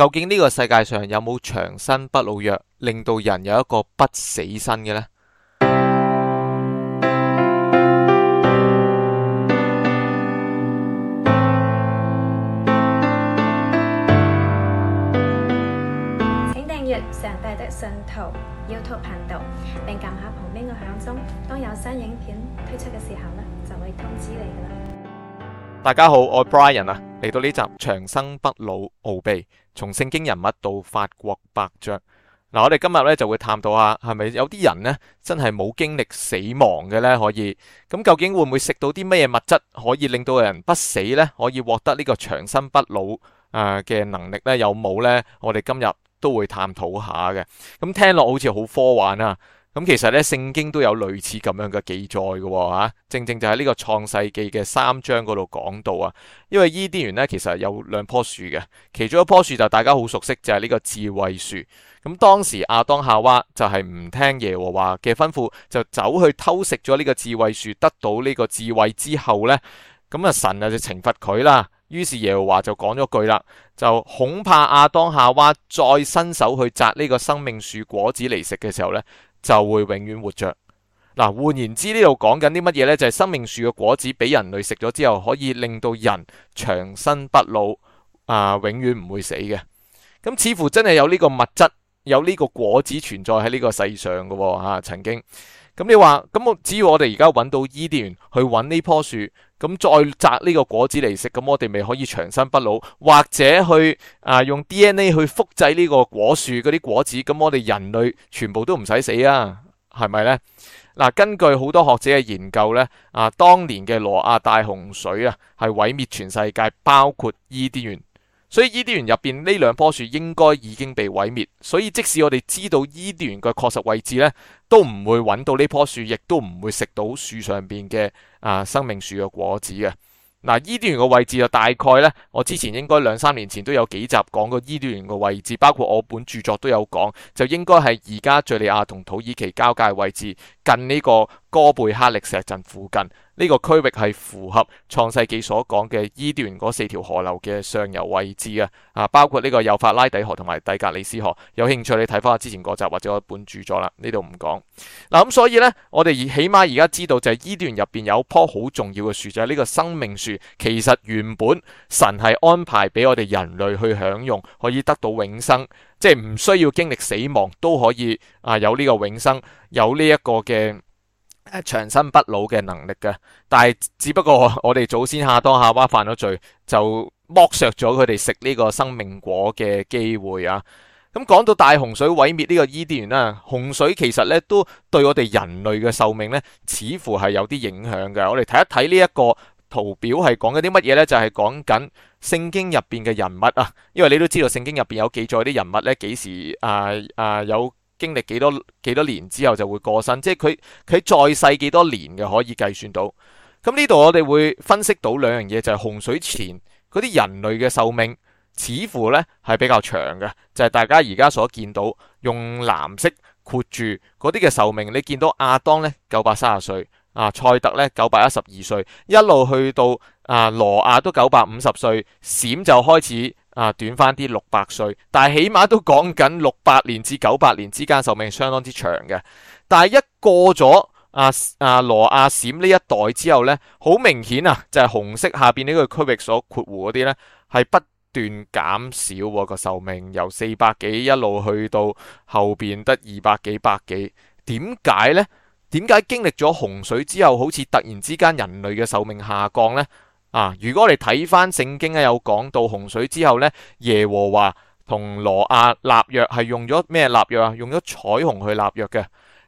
究竟呢個世界上有冇長生不老藥，令到人有一個不死身嘅呢？請訂閱上帝的信徒 YouTube 頻道，並撳下旁邊嘅響鐘，當有新影片推出嘅時候呢，就會通知你噶啦。大家好，我係 Brian 啊，嚟到呢集長生不老奧秘，從聖經人物到法國伯爵，嗱，我哋今日咧就會探討下，係咪有啲人呢真係冇經歷死亡嘅呢？可以，咁究竟會唔會食到啲咩嘢物質可以令到人不死呢？可以獲得呢個長生不老誒嘅能力呢？有冇呢？我哋今日都會探討下嘅，咁聽落好似好科幻啊！咁其實咧，聖經都有類似咁樣嘅記載嘅吓、哦，正正就喺呢、這個創世記嘅三章嗰度講到啊。因為伊甸園呢，其實有兩棵樹嘅，其中一棵樹就大家好熟悉，就係、是、呢個智慧樹。咁當時亞當夏娃就係唔聽耶和華嘅吩咐，就走去偷食咗呢個智慧樹，得到呢個智慧之後呢，咁啊神就懲罰佢啦。於是耶和華就講咗句啦，就恐怕亞當夏娃再伸手去摘呢個生命樹果子嚟食嘅時候呢。」就會永遠活着。嗱，換言之，呢度講緊啲乜嘢呢？就係生命樹嘅果子俾人類食咗之後，可以令到人長生不老，啊，永遠唔會死嘅。咁似乎真係有呢個物質。有呢個果子存在喺呢個世上嘅，吓、啊，曾經咁你話，咁我只要我哋而家揾到伊甸園去揾呢棵樹，咁再摘呢個果子嚟食，咁我哋咪可以長生不老，或者去啊用 DNA 去複製呢個果樹嗰啲果子，咁我哋人類全部都唔使死啊，係咪呢？嗱，根據好多學者嘅研究呢，啊當年嘅羅亞大洪水啊，係毀滅全世界，包括伊甸園。所以伊甸園入邊呢兩棵樹應該已經被毀滅，所以即使我哋知道伊甸園嘅確實位置呢，都唔會揾到呢棵樹，亦都唔會食到樹上邊嘅啊生命樹嘅果子嘅。嗱，呃，伊甸園嘅位置就大概呢。我之前應該兩三年前都有幾集講過伊甸園嘅位置，包括我本著作都有講，就應該係而家敘利亞同土耳其交界位置，近呢個哥貝克力石陣。附近呢個區域係符合創世記所講嘅伊甸園嗰四條河流嘅上游位置嘅，啊包括呢個幼發拉底河同埋底格里斯河。有興趣你睇翻我之前嗰集或者我本著作啦，呢度唔講。嗱、啊、咁所以呢，我哋起碼而家知道就係伊甸園入邊有棵好重要嘅樹就係、是、呢個生命樹。其實原本神係安排俾我哋人類去享用，可以得到永生，即係唔需要經歷死亡都可以啊有呢個永生，有呢一個嘅。誒，長生不老嘅能力嘅，但係只不過我哋祖先亞當夏娃犯咗罪，就剝削咗佢哋食呢個生命果嘅機會啊！咁講到大洪水毀滅呢個伊甸園啦，洪水其實呢都對我哋人類嘅壽命呢似乎係有啲影響嘅。我哋睇一睇呢一個圖表係講緊啲乜嘢呢？就係講緊聖經入邊嘅人物啊，因為你都知道聖經入邊有記載啲人物呢，幾時啊啊有。經歷幾多幾多年之後就會過身，即係佢佢在世幾多年嘅可以計算到。咁呢度我哋會分析到兩樣嘢就係、是、洪水前嗰啲人類嘅壽命似乎呢係比較長嘅，就係、是、大家而家所見到用藍色括住嗰啲嘅壽命，你見到亞當呢，九百三十歲，啊賽特呢，九百一十二歲，一路去到啊挪亞都九百五十歲，閃就開始。啊，短返啲六百歲，但係起碼都講緊六百年至九百年之間壽命相當之長嘅。但係一過咗阿阿羅亞閃呢一代之後呢，好明顯啊，就係紅色下邊呢個區域所括弧嗰啲呢，係不斷減少個壽命，由四百幾一路去到後邊得二百幾、百幾。點解呢？點解經歷咗洪水之後，好似突然之間人類嘅壽命下降呢？啊！如果你睇翻聖經咧，有講到洪水之後咧，耶和華同羅亞立約係用咗咩立約啊？用咗彩虹去立約嘅，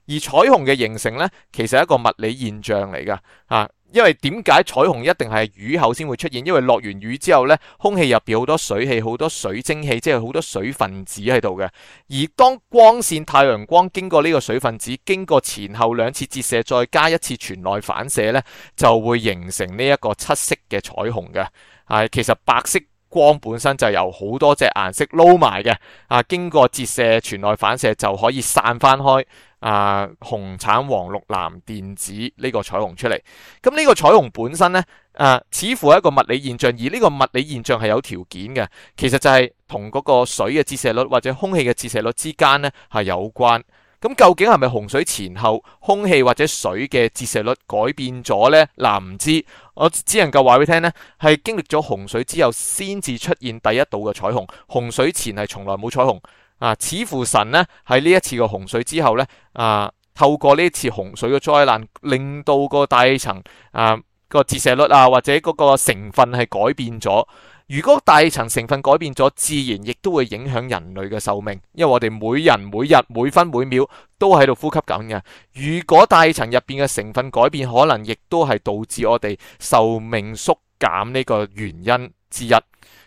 而彩虹嘅形成咧，其實係一個物理現象嚟㗎，啊。因為點解彩虹一定係雨後先會出現？因為落完雨之後呢，空氣入邊好多水氣、好多水蒸氣，即係好多水分子喺度嘅。而當光線、太陽光經過呢個水分子，經過前後兩次折射，再加一次全內反射呢，就會形成呢一個七色嘅彩虹嘅。係，其實白色。光本身就由好多隻顏色撈埋嘅，啊，經過折射、全內反射就可以散翻開，啊，紅、橙、黃、綠、藍、靛、紫呢個彩虹出嚟。咁呢個彩虹本身呢，啊，似乎係一個物理現象，而呢個物理現象係有條件嘅，其實就係同嗰個水嘅折射率或者空氣嘅折射率之間呢係有關。咁究竟係咪洪水前後空氣或者水嘅折射率改變咗呢？嗱，啊，唔知。我只能夠話俾你聽呢係經歷咗洪水之後，先至出現第一道嘅彩虹。洪水前係從來冇彩虹啊！似乎神呢喺呢一次嘅洪水之後呢，啊，透過呢一次洪水嘅災難，令到個大氣層啊、個折射率啊或者嗰個成分係改變咗。如果大氣層成分改變咗，自然亦都會影響人類嘅壽命，因為我哋每人每日每分每秒都喺度呼吸緊嘅。如果大氣層入面嘅成分改變，可能亦都係導致我哋壽命縮減呢個原因之一。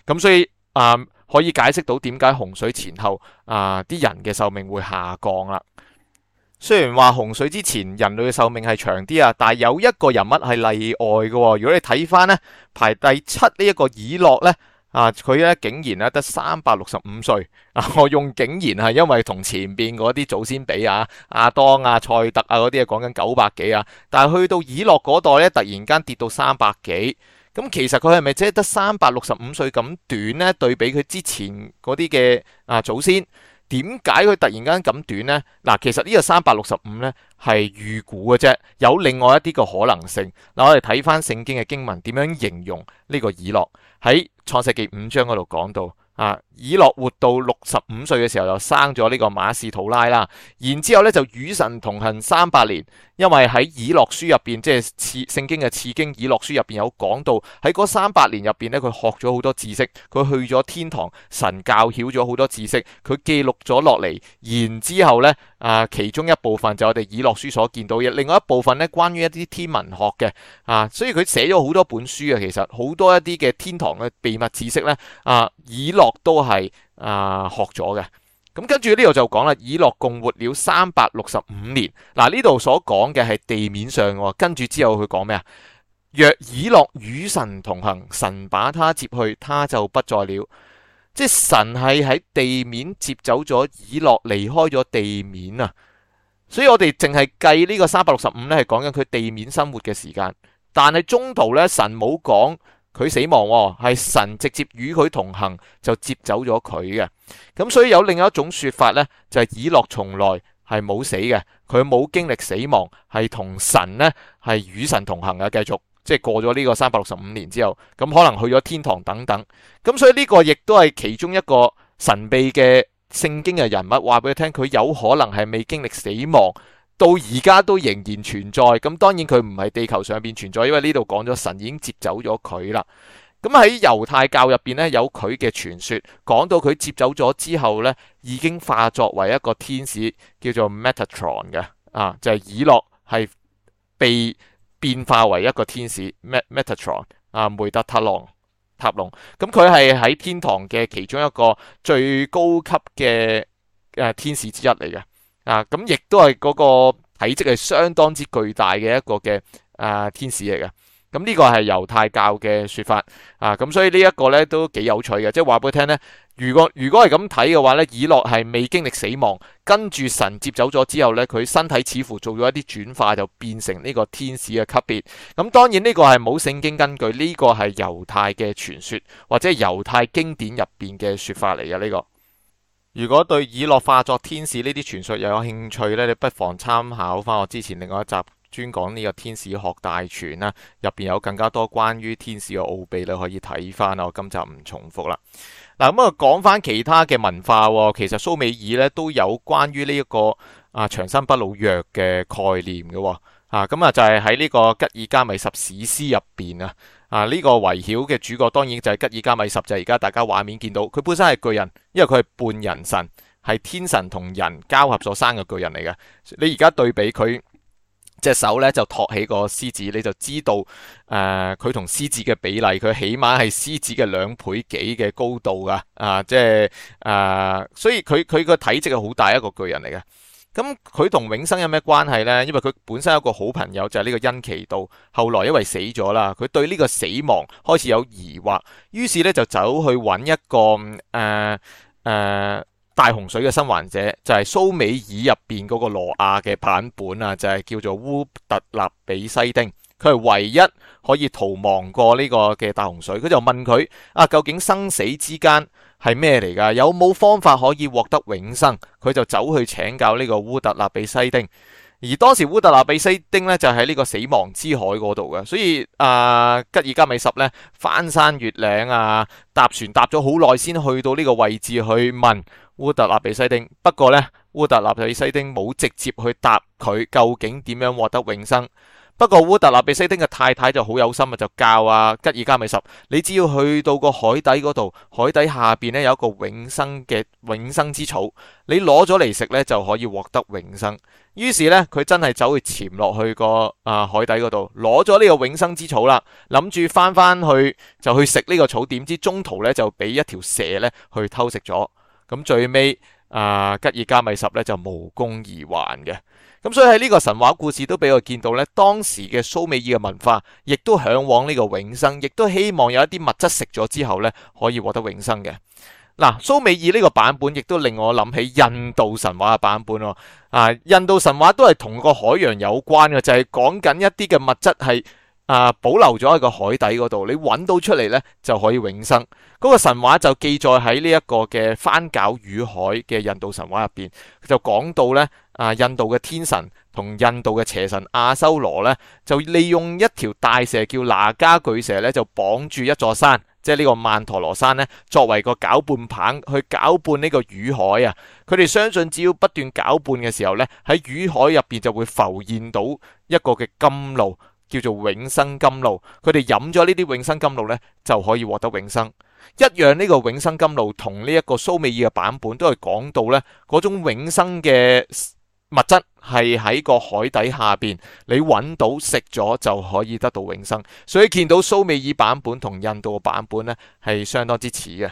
咁所以啊，可以解釋到點解洪水前後啊啲人嘅壽命會下降啦。雖然話洪水之前人類嘅壽命係長啲啊，但係有一個人物係例外嘅。如果你睇翻呢排第七呢一個以諾呢，啊，佢呢竟然啊得三百六十五歲。我用竟然係因為同前邊嗰啲祖先比啊，亞當、啊、亞塞特啊嗰啲啊講緊九百幾啊，但係去到以諾嗰代呢，突然間跌到三百幾。咁、啊、其實佢係咪即係得三百六十五歲咁短呢？對比佢之前嗰啲嘅啊祖先？點解佢突然間咁短呢？嗱，其實呢個三百六十五呢係預估嘅啫，有另外一啲個可能性。嗱，我哋睇翻聖經嘅經文點樣形容呢個以諾？喺創世記五章嗰度講到。啊！以諾活到六十五歲嘅時候，就生咗呢個馬士圖拉啦。然之後咧就與神同行三百年，因為喺以諾書入邊，即係次聖經嘅次經，經以諾書入邊有講到喺嗰三百年入邊咧，佢學咗好多知識，佢去咗天堂，神教曉咗好多知識，佢記錄咗落嚟，然之後咧。啊，其中一部分就我哋《以諾書》所見到嘅，另外一部分咧，關於一啲天文學嘅啊，所以佢寫咗好多本書啊，其實好多一啲嘅天堂嘅秘密知識咧，啊，以諾都係啊學咗嘅。咁、嗯、跟住呢度就講啦，以諾共活了三百六十五年。嗱、啊，呢度所講嘅係地面上。跟住之後佢講咩啊？若以諾與神同行，神把他接去，他就不在了。即係神係喺地面接走咗以諾離開咗地面啊，所以我哋淨係計呢個三百六十五呢係講緊佢地面生活嘅時間，但係中途呢，神冇講佢死亡，係神直接與佢同行就接走咗佢嘅，咁所以有另一種說法呢，就係以諾從來係冇死嘅，佢冇經歷死亡，係同神呢，係與神同行嘅，繼續。即係過咗呢個三百六十五年之後，咁可能去咗天堂等等，咁所以呢個亦都係其中一個神秘嘅聖經嘅人物，話俾佢聽，佢有可能係未經歷死亡，到而家都仍然存在。咁當然佢唔係地球上邊存在，因為呢度講咗神已經接走咗佢啦。咁喺猶太教入邊呢，有佢嘅傳說，講到佢接走咗之後呢，已經化作為一個天使叫做 Metatron 嘅，啊就係、是、以諾係被。變化為一個天使 Metatron 啊，梅特塔龍塔龍，咁佢係喺天堂嘅其中一個最高級嘅誒、啊、天使之一嚟嘅，啊咁亦都係嗰個體積係相當之巨大嘅一個嘅啊天使嚟嘅。咁呢個係猶太教嘅説法啊，咁所以呢一個呢都幾有趣嘅，即係話俾佢聽呢，如果如果係咁睇嘅話呢，以諾係未經歷死亡，跟住神接走咗之後呢，佢身體似乎做咗一啲轉化，就變成呢個天使嘅級別。咁、嗯、當然呢個係冇聖經根據，呢、這個係猶太嘅傳說或者猶太經典入邊嘅説法嚟嘅呢個。如果對以諾化作天使呢啲傳說又有興趣呢，你不妨參考翻我之前另外一集。專講呢個天使學大全啦，入邊有更加多關於天使嘅奧秘你可以睇翻。我今集唔重複啦。嗱咁啊，講翻其他嘅文化，其實蘇美爾呢都有關於呢一個啊長生不老藥嘅概念嘅。啊咁啊，就係喺呢個吉爾伽美什史詩入邊啊。啊、這、呢個圍繞嘅主角當然就係吉爾伽美什，就係而家大家畫面見到佢本身係巨人，因為佢係半人神，係天神同人交合所生嘅巨人嚟嘅。你而家對比佢。隻手咧就托起個獅子，你就知道誒佢同獅子嘅比例，佢起碼係獅子嘅兩倍幾嘅高度噶，啊、呃、即係啊、呃，所以佢佢個體積係好大一個巨人嚟嘅。咁佢同永生有咩關係呢？因為佢本身有個好朋友就係、是、呢個恩奇道，後來因為死咗啦，佢對呢個死亡開始有疑惑，於是呢就走去揾一個誒誒。呃呃大洪水的生還者,就是蘇美爾入面那個羅亞的版本,就是叫做烏特納比西丁。他是唯一可以逃亡過這個大洪水。他就問他,究竟生死之間,是什麼來的?有沒有方法可以獲得永生?他就走去請教這個烏特納比西丁。而當時烏特納比西丁呢,就是在這個死亡之海那裏。所以,吉爾加美什呢,翻山越嶺啊,搭船搭了很久先去到這個位置去問,烏特納比西丁，不過呢，烏特納比西丁冇直接去答佢究竟點樣獲得永生。不過烏特納比西丁嘅太太就好有心啊，就教啊吉爾加美什，你只要去到個海底嗰度，海底下邊呢有一個永生嘅永生之草，你攞咗嚟食呢就可以獲得永生。於是呢，佢真係走去潛落去個啊海底嗰度，攞咗呢個永生之草啦，諗住翻返去就去食呢個草，點知中途呢就俾一條蛇呢去偷食咗。咁最尾啊、呃，吉爾加米什咧就無功而還嘅。咁所以喺呢個神話故事都俾我見到呢，當時嘅蘇美爾嘅文化亦都向往呢個永生，亦都希望有一啲物質食咗之後呢可以獲得永生嘅。嗱、啊，蘇美爾呢個版本亦都令我諗起印度神話嘅版本咯。啊，印度神話都係同個海洋有關嘅，就係講緊一啲嘅物質係。啊！保留咗喺個海底嗰度，你揾到出嚟呢就可以永生。嗰、那個神話就記載喺呢一個嘅翻攪乳海嘅印度神話入邊，就講到呢，啊，印度嘅天神同印度嘅邪神阿修羅呢，就利用一條大蛇叫拿加巨蛇呢，就綁住一座山，即係呢個曼陀羅山呢，作為個攪拌棒去攪拌呢個乳海啊。佢哋相信，只要不斷攪拌嘅時候呢，喺乳海入邊就會浮現到一個嘅甘露。叫做永生甘露，佢哋飲咗呢啲永生甘露呢，就可以獲得永生。一樣呢個永生甘露同呢一個蘇美爾嘅版本都係講到呢，嗰種永生嘅物質係喺個海底下邊，你搵到食咗就可以得到永生。所以見到蘇美爾版本同印度嘅版本呢，係相當之似嘅。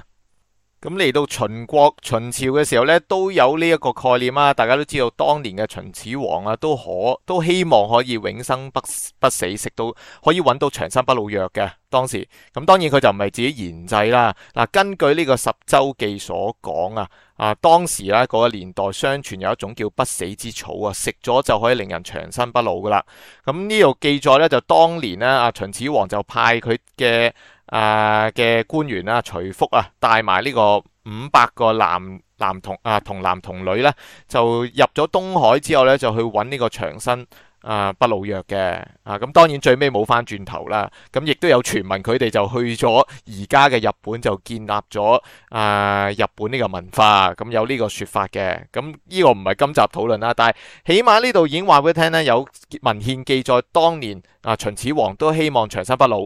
咁嚟到秦國、秦朝嘅時候呢，都有呢一個概念啊！大家都知道當年嘅秦始皇啊，都可都希望可以永生不不死，食到可以揾到長生不老藥嘅。當時，咁當然佢就唔係自己研製啦。嗱，根據呢個《十洲記》所講啊，啊當時咧、嗰個年代相傳有一種叫不死之草啊，食咗就可以令人長生不老噶啦。咁呢度記載呢，就當年呢，啊秦始皇就派佢嘅。啊嘅、呃、官員啦，徐福啊，帶埋呢個五百個男男童啊，童男童女咧，就入咗東海之後咧，就去搵呢個長生啊不老藥嘅啊，咁、啊、當然最尾冇返轉頭啦。咁、啊、亦都有傳聞，佢哋就去咗而家嘅日本，就建立咗啊日本呢個文化，咁、啊、有呢個說法嘅。咁、啊、呢、這個唔係今集討論啦，但係起碼呢度已經話俾你聽咧，有文獻記載，當年啊秦始皇都希望長生不老。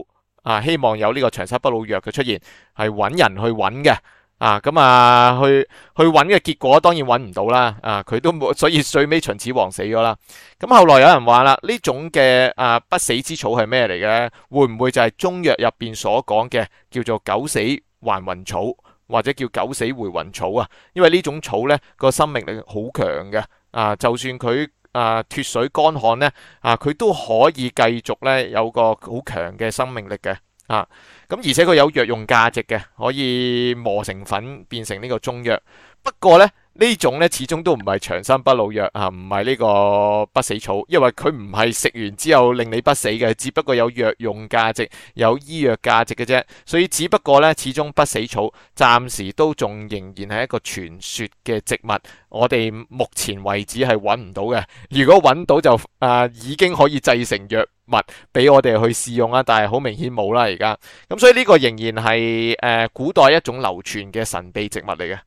啊！希望有呢個長生不老藥嘅出現，係揾人去揾嘅啊！咁啊，去去揾嘅結果當然揾唔到啦！啊，佢都冇，所以最尾秦始皇死咗啦。咁、啊、後來有人話啦，呢種嘅啊不死之草係咩嚟嘅？會唔會就係中藥入邊所講嘅叫做九死還魂草，或者叫九死回魂草啊？因為呢種草呢個生命力好強嘅啊，就算佢，啊！脫水、乾旱呢，啊，佢都可以繼續呢，有個好強嘅生命力嘅啊。咁而且佢有藥用價值嘅，可以磨成粉變成呢個中藥。不過呢，呢種呢始終都唔係長生不老藥啊，唔係呢個不死草，因為佢唔係食完之後令你不死嘅，只不過有藥用價值、有醫藥價值嘅啫。所以只不過呢，始終不死草暫時都仲仍然係一個傳説嘅植物，我哋目前為止係揾唔到嘅。如果揾到就啊，已經可以製成藥物俾我哋去試用啊，但係好明顯冇啦而家，咁所以呢個仍然係誒、呃、古代一種流傳嘅神秘植物嚟嘅。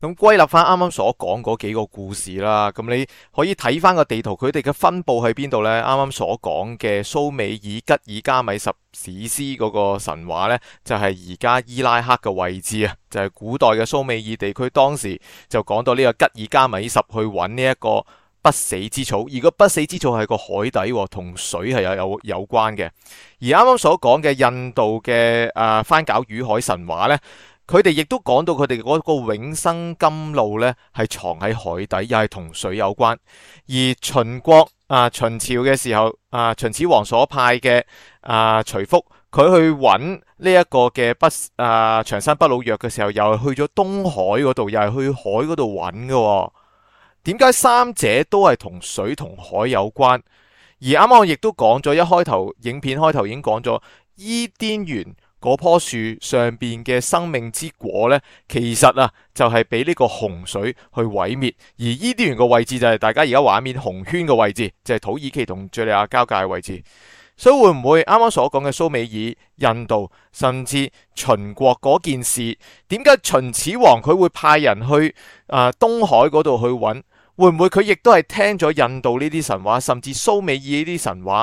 咁歸納翻啱啱所講嗰幾個故事啦，咁你可以睇翻個地圖，佢哋嘅分佈喺邊度呢？啱啱所講嘅蘇美爾吉爾加米什史詩嗰個神話呢，就係而家伊拉克嘅位置啊，就係、是、古代嘅蘇美爾地區，當時就講到呢個吉爾加米什去搵呢一個。不死之草，而個不死之草係個海底，同水係有有有關嘅。而啱啱所講嘅印度嘅啊、呃、翻攪乳海神話呢，佢哋亦都講到佢哋嗰個永生甘露呢係藏喺海底，又係同水有關。而秦國啊、呃，秦朝嘅時候啊、呃，秦始皇所派嘅啊、呃、徐福，佢去揾呢一個嘅不啊、呃、長生不老藥嘅時候，又係去咗東海嗰度，又係去海嗰度揾嘅。點解三者都係同水同海有關？而啱啱我亦都講咗，一開頭影片開頭已經講咗伊甸園嗰棵樹上面嘅生命之果呢，其實啊就係俾呢個洪水去毀滅。而伊甸園個位置就係大家而家畫面紅圈嘅位置，就係、是、土耳其同敘利亞交界嘅位置。所以會唔會啱啱所講嘅蘇美爾、印度甚至秦國嗰件事？點解秦始皇佢會派人去啊、呃、東海嗰度去揾？會唔會佢亦都係聽咗印度呢啲神話，甚至蘇美爾呢啲神話，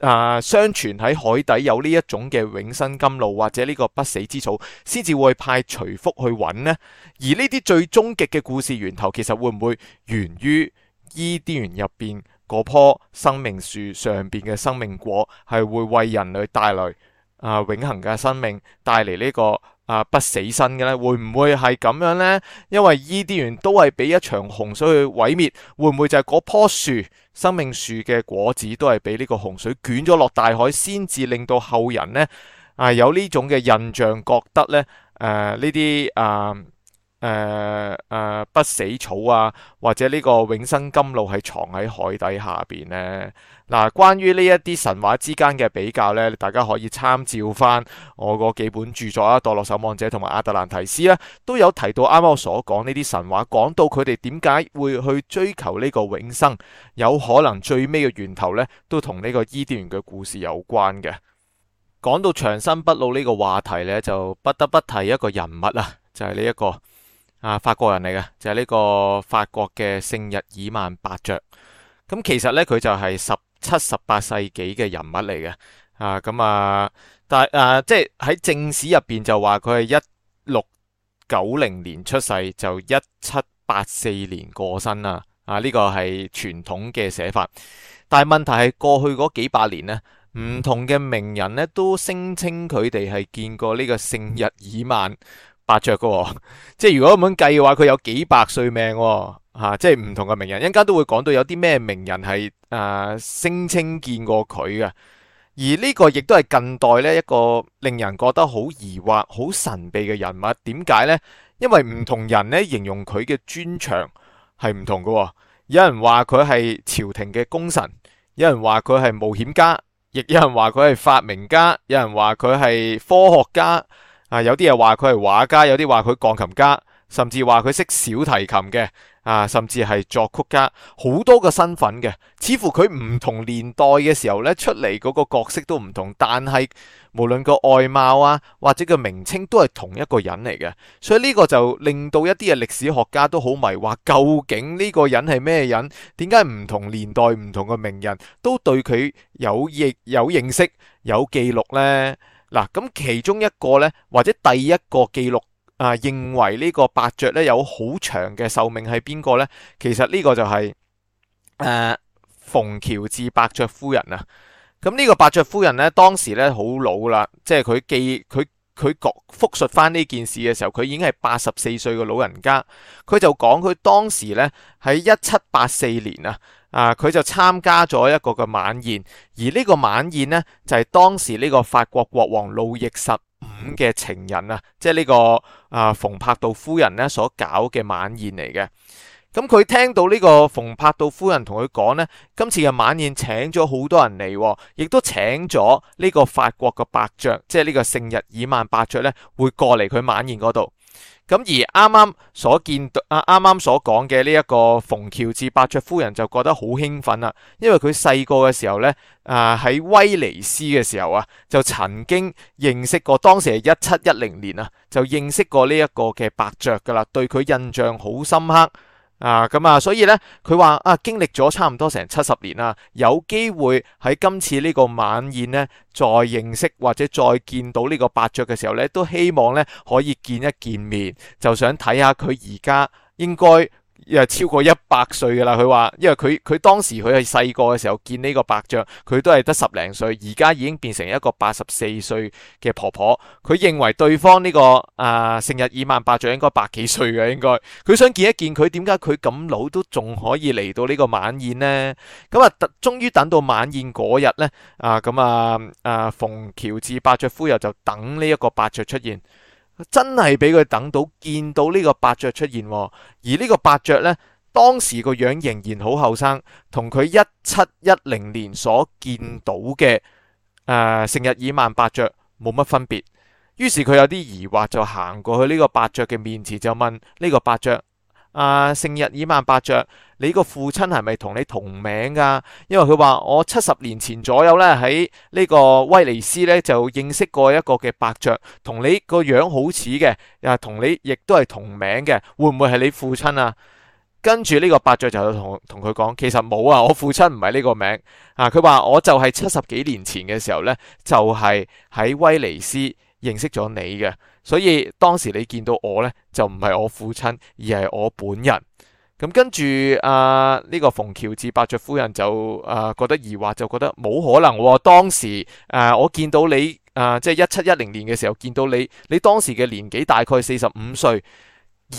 啊、呃，相傳喺海底有呢一種嘅永生甘露或者呢個不死之草，先至會派徐福去揾呢？而呢啲最終極嘅故事源頭，其實會唔會源於伊甸園入邊嗰棵生命樹上邊嘅生命果，係會為人類帶來啊、呃、永恆嘅生命，帶嚟呢個？啊！不死身嘅咧，會唔會係咁樣呢？因為伊甸園都係俾一場洪水去毀滅，會唔會就係嗰棵樹生命樹嘅果子都係俾呢個洪水捲咗落大海，先至令到後人呢，啊有呢種嘅印象，覺得呢，誒呢啲啊～誒誒、呃呃，不死草啊，或者呢個永生甘露係藏喺海底下邊呢。嗱，關於呢一啲神話之間嘅比較呢，大家可以參照翻我個幾本著作啊，《墮落守望者》同埋《亞特蘭提斯》啊，都有提到啱啱我所講呢啲神話，講到佢哋點解會去追求呢個永生，有可能最尾嘅源頭呢，都同呢個伊甸園嘅故事有關嘅。講到長生不老呢，呢個話題呢，就不得不提一個人物啊，就係呢一個。啊，法國人嚟嘅，就係呢個法國嘅聖日耳曼伯爵。咁其實呢，佢就係十七、十八世紀嘅人物嚟嘅。啊，咁啊，但係啊，即係喺正史入邊就話佢係一六九零年出世，就一七八四年過身啦。啊，呢個係傳統嘅寫法。但係問題係過去嗰幾百年呢，唔同嘅名人呢，都聲稱佢哋係見過呢個聖日耳曼。伯爵嘅。即係如果咁樣計嘅話，佢有幾百歲命吓。哦啊，即係唔同嘅名人，一陣間都會講到有啲咩名人係誒，聲稱見過佢嘅，而呢個亦都係近代呢一個令人覺得好疑惑、好神秘嘅人物。點解呢？因為唔同人呢，形容佢嘅專長係唔同嘅。哦，有人話佢係朝廷嘅功臣，有人話佢係冒險家，亦有人話佢係發明家，有人話佢係科學家。啊，有啲人話佢係畫家，有啲話佢鋼琴家，甚至話佢識小提琴嘅，啊，甚至係作曲家，好多個身份嘅。似乎佢唔同年代嘅時候呢，出嚟嗰個角色都唔同，但係無論個外貌啊，或者個名稱都係同一個人嚟嘅。所以呢個就令到一啲嘅歷史學家都好迷惑，究竟呢個人係咩人？點解唔同年代唔同嘅名人都對佢有認有認識有記錄呢？嗱，咁其中一個呢，或者第一個記錄啊，認為呢個伯爵呢有好長嘅壽命係邊個呢？其實呢個就係、是、誒、呃、馮喬治伯爵夫人啊。咁呢個伯爵夫人呢，當時呢好老啦，即係佢記佢佢講復述翻呢件事嘅時候，佢已經係八十四歲嘅老人家。佢就講佢當時呢喺一七八四年啊。啊！佢就參加咗一個嘅晚宴，而呢個晚宴呢，就係、是、當時呢個法國國王路易十五嘅情人、這個、啊，即係呢個啊馮柏道夫人呢所搞嘅晚宴嚟嘅。咁、嗯、佢聽到呢個馮柏道夫人同佢講呢，今次嘅晚宴請咗好多人嚟，亦都請咗呢個法國嘅伯爵，即係呢個聖日耳曼伯爵呢，會過嚟佢晚宴嗰度。咁而啱啱所見到啊，啱啱所講嘅呢一個馮喬治伯爵夫人就覺得好興奮啦，因為佢細個嘅時候呢，啊、呃、喺威尼斯嘅時候啊，就曾經認識過，當時係一七一零年啊，就認識過呢一個嘅伯爵噶啦，對佢印象好深刻。啊，咁啊，所以咧，佢話啊，經歷咗差唔多成七十年啦，有機會喺今次呢個晚宴咧，再認識或者再見到呢個伯爵嘅時候咧，都希望咧可以見一見面，就想睇下佢而家應該。超過一百歲嘅啦，佢話，因為佢佢當時佢係細個嘅時候見呢個伯爵，佢都係得十零歲，而家已經變成一個八十四歲嘅婆婆。佢認為對方呢、這個啊成、呃、日耳曼伯爵應該百幾歲嘅應該，佢想見一見佢，點解佢咁老都仲可以嚟到呢個晚宴呢？咁啊，終於等到晚宴嗰日呢。啊咁啊啊，馮、呃、喬、呃、治伯爵夫人就等呢一個伯爵出現。真係俾佢等到，見到呢個伯爵出現。而呢個伯爵呢，當時個樣仍然好後生，同佢一七一零年所見到嘅，呃、成日耳曼伯爵冇乜分別。於是佢有啲疑惑，就行過去呢個伯爵嘅面前就問呢個伯爵。啊！聖日爾曼伯爵，你個父親係咪同你同名噶？因為佢話我七十年前左右呢，喺呢個威尼斯呢，就認識過一個嘅伯爵，同你個樣好似嘅，又同你亦都係同名嘅，會唔會係你父親啊？跟住呢個伯爵就同同佢講，其實冇啊，我父親唔係呢個名啊。佢話我就係七十幾年前嘅時候呢，就係喺威尼斯。認識咗你嘅，所以當時你見到我呢，就唔係我父親，而係我本人。咁跟住啊，呢、呃這個馮喬志伯爵夫人就啊、呃、覺得疑惑，就覺得冇可能、哦。當時誒、呃，我見到你誒、呃，即係一七一零年嘅時候見到你，你當時嘅年紀大概四十五歲，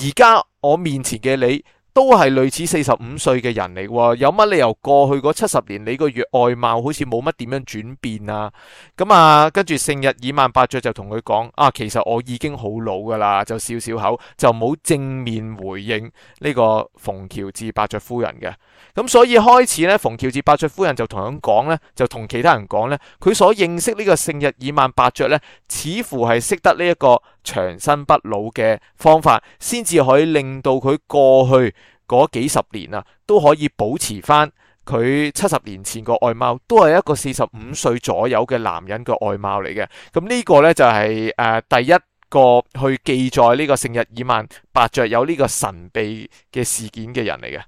而家我面前嘅你。都係類似四十五歲嘅人嚟喎，有乜理由過去嗰七十年你個月外貌好似冇乜點樣轉變啊？咁啊，跟住聖日耳曼伯爵就同佢講：啊，其實我已經好老㗎啦，就笑笑口，就冇正面回應呢個馮喬治伯爵夫人嘅。咁所以開始呢，馮喬治伯爵夫人就同樣講呢，就同其他人講呢，佢所認識呢個聖日耳曼伯爵呢，似乎係識得呢一個。長生不老嘅方法，先至可以令到佢過去嗰幾十年啊，都可以保持翻佢七十年前個外貌，都係一個四十五歲左右嘅男人嘅外貌嚟嘅。咁呢個呢，就係、是、誒、呃、第一個去記載呢個聖日耳曼伯爵有呢個神秘嘅事件嘅人嚟嘅。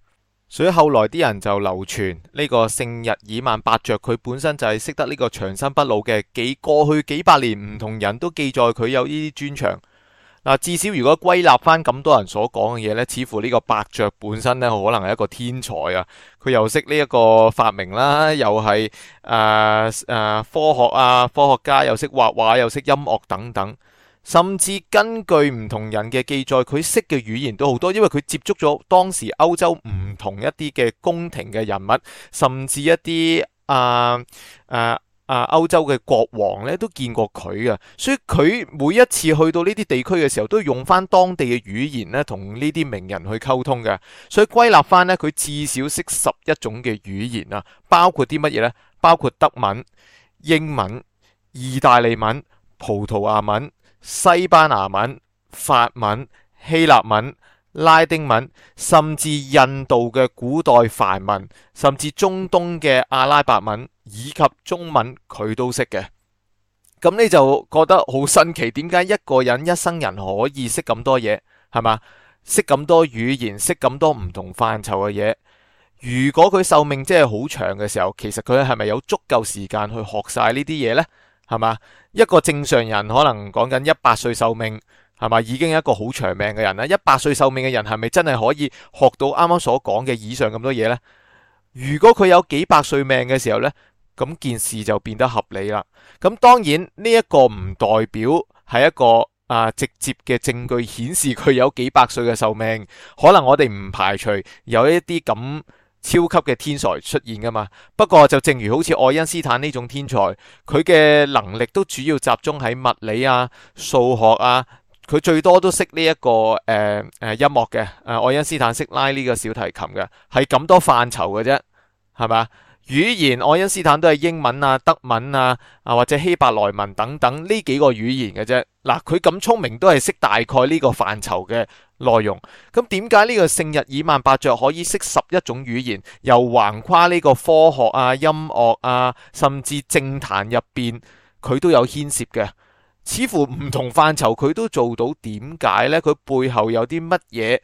所以後來啲人就流傳呢個聖日耳曼伯爵，佢本身就係識得呢個長生不老嘅。幾過去幾百年唔同人都記載佢有呢啲專長嗱。至少如果歸納翻咁多人所講嘅嘢，呢似乎呢個伯爵本身呢，可能係一個天才啊。佢又識呢一個發明啦，又係誒誒科學啊，科學家又識畫畫，又識音樂等等。甚至根據唔同人嘅記載，佢識嘅語言都好多，因為佢接觸咗當時歐洲唔同一啲嘅宮廷嘅人物，甚至一啲啊啊啊歐洲嘅國王呢都見過佢啊，所以佢每一次去到呢啲地區嘅時候，都用翻當地嘅語言咧，同呢啲名人去溝通嘅。所以歸納翻呢，佢至少識十一種嘅語言啊，包括啲乜嘢呢？包括德文、英文、意大利文、葡萄牙文。西班牙文、法文、希臘文、拉丁文，甚至印度嘅古代梵文，甚至中東嘅阿拉伯文，以及中文，佢都識嘅。咁你就覺得好新奇，點解一個人一生人可以識咁多嘢，係嘛？識咁多語言，識咁多唔同範疇嘅嘢。如果佢壽命真係好長嘅時候，其實佢係咪有足夠時間去學晒呢啲嘢咧？係嘛？一個正常人可能講緊一百歲壽命，係咪？已經係一個好長命嘅人啦。一百歲壽命嘅人係咪真係可以學到啱啱所講嘅以上咁多嘢呢？如果佢有幾百歲命嘅時候呢，咁件事就變得合理啦。咁當然呢、這個、一個唔代表係一個啊直接嘅證據顯示佢有幾百歲嘅壽命，可能我哋唔排除有一啲咁。超級嘅天才出現㗎嘛？不過就正如好似愛因斯坦呢種天才，佢嘅能力都主要集中喺物理啊、數學啊，佢最多都識呢一個誒誒、呃呃、音樂嘅，誒、呃、愛因斯坦識拉呢個小提琴嘅，係咁多範疇嘅啫，係嘛？語言愛因斯坦都係英文啊、德文啊、啊或者希伯來文等等呢幾個語言嘅啫。嗱，佢咁聰明都係識大概呢個範疇嘅內容。咁點解呢個聖日耳曼伯爵可以識十一種語言，又橫跨呢個科學啊、音樂啊，甚至政壇入邊佢都有牽涉嘅？似乎唔同範疇佢都做到，點解呢？佢背後有啲乜嘢？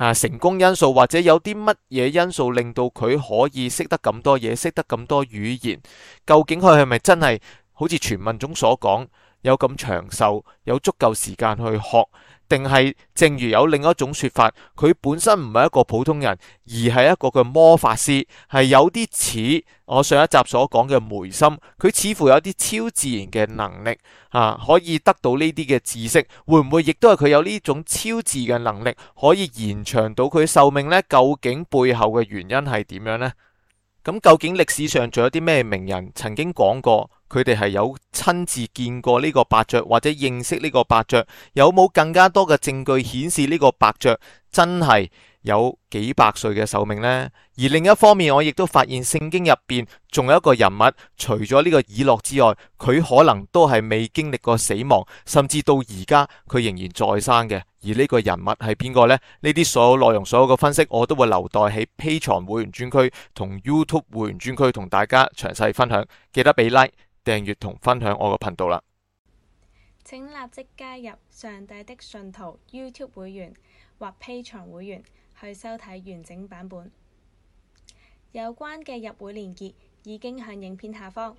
啊！成功因素或者有啲乜嘢因素令到佢可以識得咁多嘢，識得咁多語言？究竟佢係咪真係好似傳聞中所講，有咁長壽，有足夠時間去學，定係正如有另一種說法，佢本身唔係一個普通人，而係一個嘅魔法師，係有啲似我上一集所講嘅梅心，佢似乎有啲超自然嘅能力，吓、啊、可以得到呢啲嘅知識，會唔會亦都係佢有呢種超自然嘅能力可以延長到佢壽命呢？究竟背後嘅原因係點樣呢？咁究竟歷史上仲有啲咩名人曾經講過？佢哋係有親自見過呢個伯爵，或者認識呢個伯爵，有冇更加多嘅證據顯示呢個伯爵真係有幾百歲嘅壽命呢？而另一方面，我亦都發現聖經入邊仲有一個人物，除咗呢個以諾之外，佢可能都係未經歷過死亡，甚至到而家佢仍然在生嘅。而呢個人物係邊個呢？呢啲所有內容、所有嘅分析，我都會留待喺 Patreon 會員專區同 YouTube 會員專區同大家詳細分享。記得俾 like。訂閱同分享我嘅頻道啦！請立即加入上帝的信徒 YouTube 會員或 Patreon 會員去收睇完整版本。有關嘅入會連結已經喺影片下方。